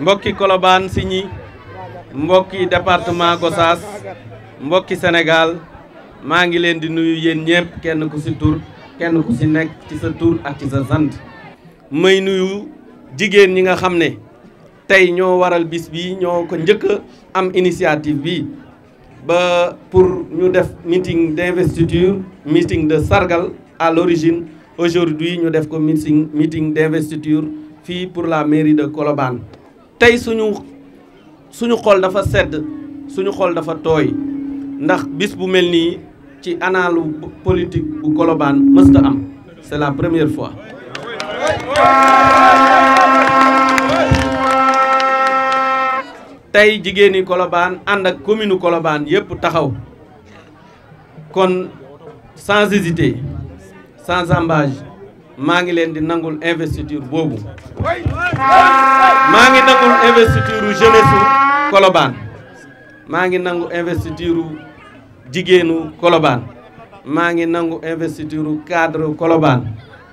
mbokki kolobaan Colobane Signy mbokki département Gossas mbokki Sénégal maa ngi leen di nuyu yéen ñëpp kenn ku ci tur kenn ku ci nekk ci sa tur ak ci sa sant may nuyu jigéen ñi nga xam ne tey ñoo waral bis bi ñoo ko njëkk am initiative bi ba pour ñu def meeting d'investiture meeting de sargal à l'origine aujourd'hui ñu def ko meeting meeting d'investiture fii pour la mairie de Colobane tey suñu suñu xol dafa sedd suñu xol dafa tooy ndax bis bu mel nii ci analu politique bu Colobane mësta am c'est la première fois tey jigéeni Colobane ànd ak commune kolobaan yëpp taxaw kon sans hésiter sans ambages maa ngi leen di nangul investiture boobu maa ngi nangul investiture u jeunesse maa ngi nangu investiture u jigéenu Colobane maa ngi nangu investiture cadre u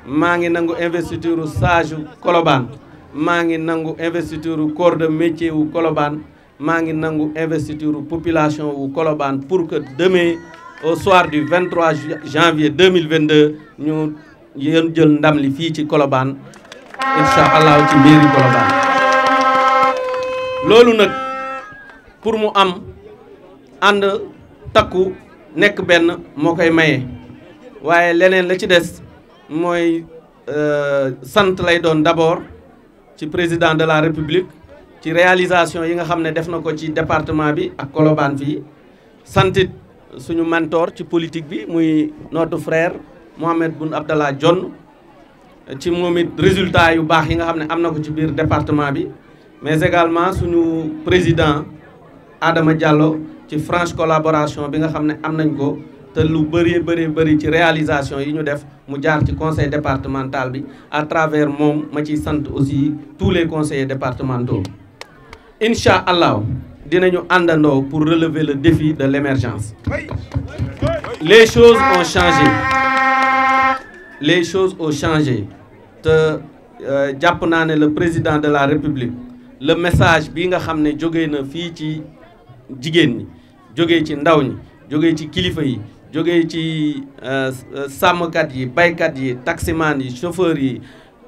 maa ngi nangu investiture u sage Colobane maa ngi nangu investiture u corps de métier wu Colobane maa ngi nangu investiture u population wu Colobane pour que demain au soir du 23 janvier 2022 ñu yéen jël ndam li fii ci kolobaan incha allah ci mairie Colobane loolu nag pour mu am ànd takku nekk benn moo koy maye waaye leneen la ci des mooy euh, sant lay doon d'abord ci président de la république ci réalisation yi nga xam ne def na ko ci département bi ak Colobane fii santit suñu mentor ci politique bi muy notre frère Mohamed Boun Abdallah Dionne ci moom it résultat yu baax yi nga xam ne am na ko ci biir département bi mais également suñu président aadama Diallo ci franche collaboration bi nga xam ne am nañ ko te lu bëree bëri bëri ci réalisation yi ñu def mu jaar ci conseil départemental bi à travers moom ma ciy sant aussi tous les conseillers départementaux incha allah dinañu àndandoo pour relever le défi de l'émergence les choses ont changé les choses au changé te euh, jàpp naa ne le président de la république le message bi nga xam ne jóge na fii ci jigéen ñi jógee ci ndaw ñi jógee ci kilifa yi jógee ci euh, euh, sàmmkat yi baykat yi taximaan yi chauffeur yi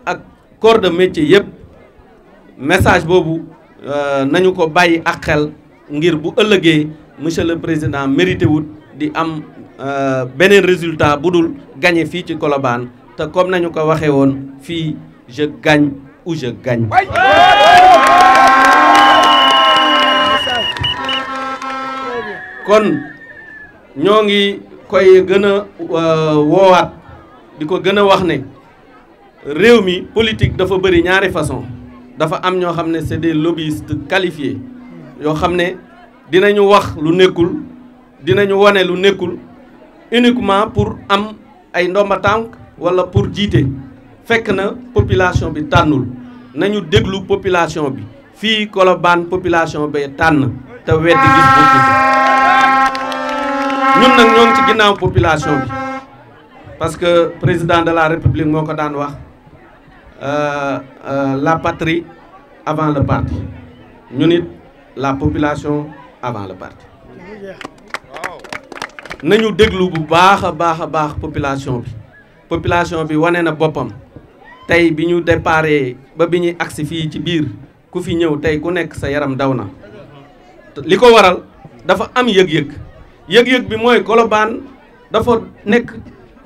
ak corde de métier yëpp message boobu nañu ko bàyyi ak xel ngir bu ëllëgee monsieur le président mérité wut di am Euh, beneen résultat bu dul gagné fii ci Colobane te kom nañu ko waxee woon fii je gagne ou je gagne. kon ñoo ngi koy gën a euh, woowaat di ko gën a wax ne réew mi politique dafa bëri ñaari façon dafa am ñoo xam ne c'est des lobbyistes qualifiés yoo xam ne dinañu wax lu nekkul dinañu wane lu nekkul. uniquement pour am ay ndomba tànk wala pour jiite fekk na population bi tànnul nañu déglu population bi fii Colobane population bee tànn te weddi gis ñun nag ñoo ci ginnaaw population bi parce que président de la république moo ko daan wax euh, euh, la patrie avant le parti ñu it la population avant le parti nañu déglu bu baax a baax a baax population bi population bi wane na boppam tey bi ñu déparé ba bi ñuy agsi fii ci biir ku fi ñëw tey ku nekk sa yaram daw na li ko waral dafa am yëg-yëg yëg-yëg bi mooy kolobaan dafa nekk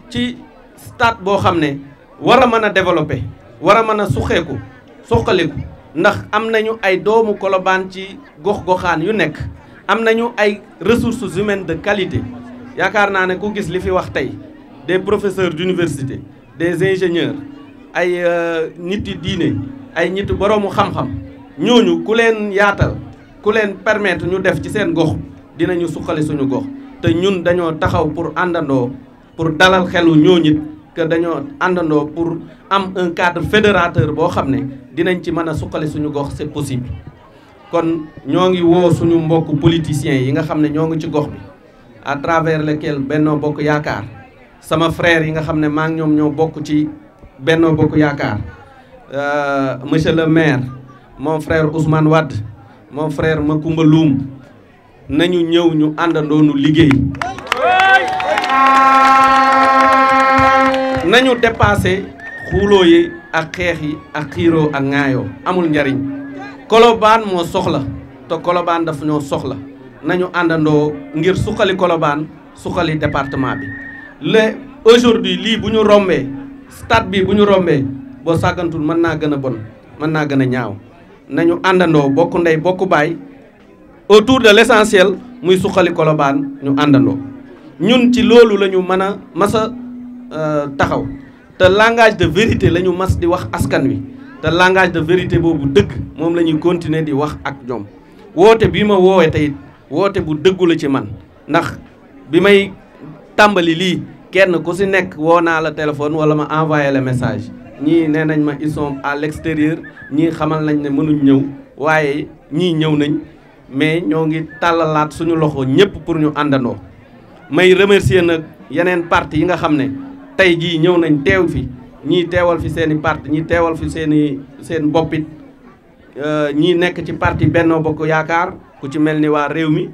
ci state boo xam ne war a mën a développé war a mën a suqeeku suqaliku ndax am nañu ay doomu Colobane ci gox-goxaan yu nekk am nañu ay ressources humaines de qualité yaakaar naa ne ku gis li fi wax tey des professeurs d'université des ingénieurs ay euh, nit yi diine ay nit boroomu xam-xam ñooñu ku leen yaatal ku leen permettre ñu def ci seen gox dinañu suqali suñu gox te ñun dañoo taxaw pour àndandoo pour dalal xelu ñoo ñit que dañoo àndandoo pour am un cadre fédérateur boo xam ne dinañ ci mën a suqali suñu gox c'est possible kon ñoo ngi woo suñu mbokk politiciens yi nga xam ne ñoo ngi ci gox bi à travers lequel Benno Bokk Yaakaar sama frère yi nga xam ne maa ngi ñoom ñoo bokk ci Benno Bokk Yaakaar euh, monsieur le maire mon frère Ousmane Wade mon frère Macoumba Loum nañu ñëw ñu àndandoonu liggéey nañu dépassé xuuloo yi ak xeex yi ak xiiroo ak ŋaayoo amul njariñ Colobane moo soxla te Colobane dafa ñoo soxla nañu àndandoo ngir suqali kolobaan suqali département bi le aujourd'hui lii bu ñu rombee stade bi bu ñu rombee boo sàggantul mën naa gën a bon mën naa gën a ñaaw nañu àndandoo bokk ndey bokk baay autour de l'essentiel muy suqali Colobane ñu àndandoo ñun ci loolu la ñu mën a mas a euh, taxaw te langage de vérité la ñu mas di wax askan wi te langage de vérité boobu dëgg moom la ñuy continuer di wax ak ñoom woote bi ma woowee tey woote bu dëggu la ci man ndax bi may tàmbali lii kenn ku si nekk woo naa la téléphone wala ma envoyé la message ñii nee nañ ma ils sont à l'extérieur ñii xamal nañ ne mënuñ ñëw waaye ñii ñëw nañ mais ñoo ngi tàllalaat suñu loxo ñëpp pour ñu àndandoo may remercier nag yeneen parti yi nga xam ne tey jii ñëw nañ teew fi ñii teewal fi seen i parti ñii teewal fi seen i seen boppit euh, ñii nekk ci parti Benno Bokk Yaakaar ku ci mel ni waa réew mi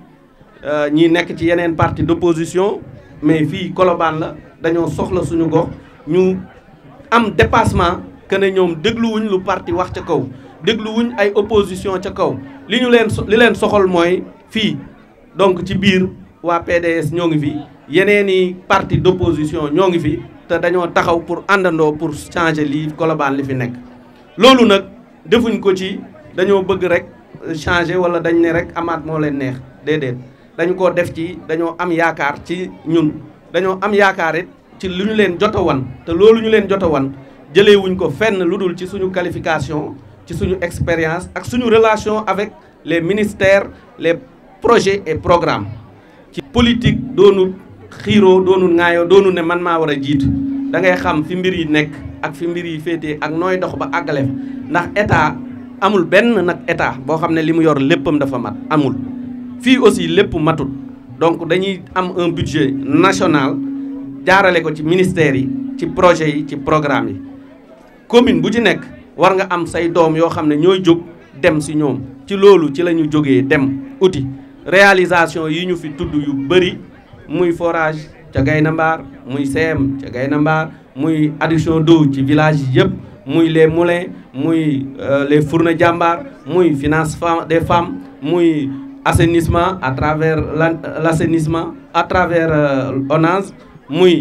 euh, ñi nekk ci yeneen parti d'opposition mais fii Colobane la dañoo soxla suñu ko ñu am dépassement que ne ñoom dégluwuñ lu parti wax ca kaw dégluwuñ ay opposition ca kaw li ñu leen li leen soxal mooy fii donc ci biir waa PDS ñoo ngi fi yeneen i parti d'opposition ñoo ngi fi te dañoo taxaw pour àndandoo pour changer lii Colobane li fi nekk loolu nag defuñ ko ci dañoo bëgg rek changé wala dañ ne rek amaat moo leen neex déedéet dañu ko def ci dañoo am yaakaar ci ñun dañoo am yaakaar it ci lu ñu leen jot a te loolu ñu leen jot a wan ko fenn lu dul ci suñu qualification ci suñu expérience ak suñu relation avec les ministères les projets et programmes ci politiques doonu xiiroo doonu ŋaayoo doonu ne man maa war a jiitu da ngay xam fi mbir yi nekk ak fi mbir yi féetee ak nooy dox ba àggale fa ndax état amul benn nag état boo xam ne li mu yor léppam dafa mat amul fii aussi lépp matut donc dañuy am un budget national jaarale ko ci ministères yi ci projets yi ci programme yi commune bu ci nekk war nga am say doom yoo xam ne ñooy jóg dem si ñoom ci loolu ci la ñu jógee dem uti réalisation yi ñu fi tudd yu bëri muy forage ca Gaynde Mbaar muy CM ca Gaynde Mbaar muy adduction d'eau ci village yëpp muy les moulins muy euh, les fourne jàmbaar muy finance des femmes muy assenissement à travers l' assainissement à travers euh, ONAS muy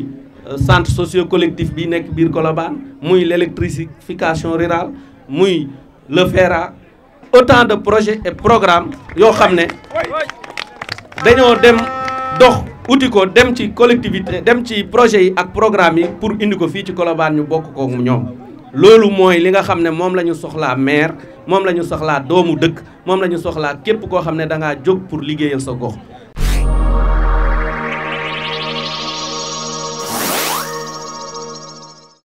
euh, centre socio collectif bi nekk biir Colobane muy l' électrification rurale muy le FERA autant de projet et programme yoo xam ne dañoo dem dox uti ko dem ci collectivité dem ci projet yi ak programme yi pour indi ko fii ci Colobane ñu bokk ko ñoom loolu mooy li nga xam ne moom la ñu soxlaa maire moom la ñu soxlaa doomu dëkk moom la ñu soxlaa képp koo xam ne da jóg pour liggéeyal sa gox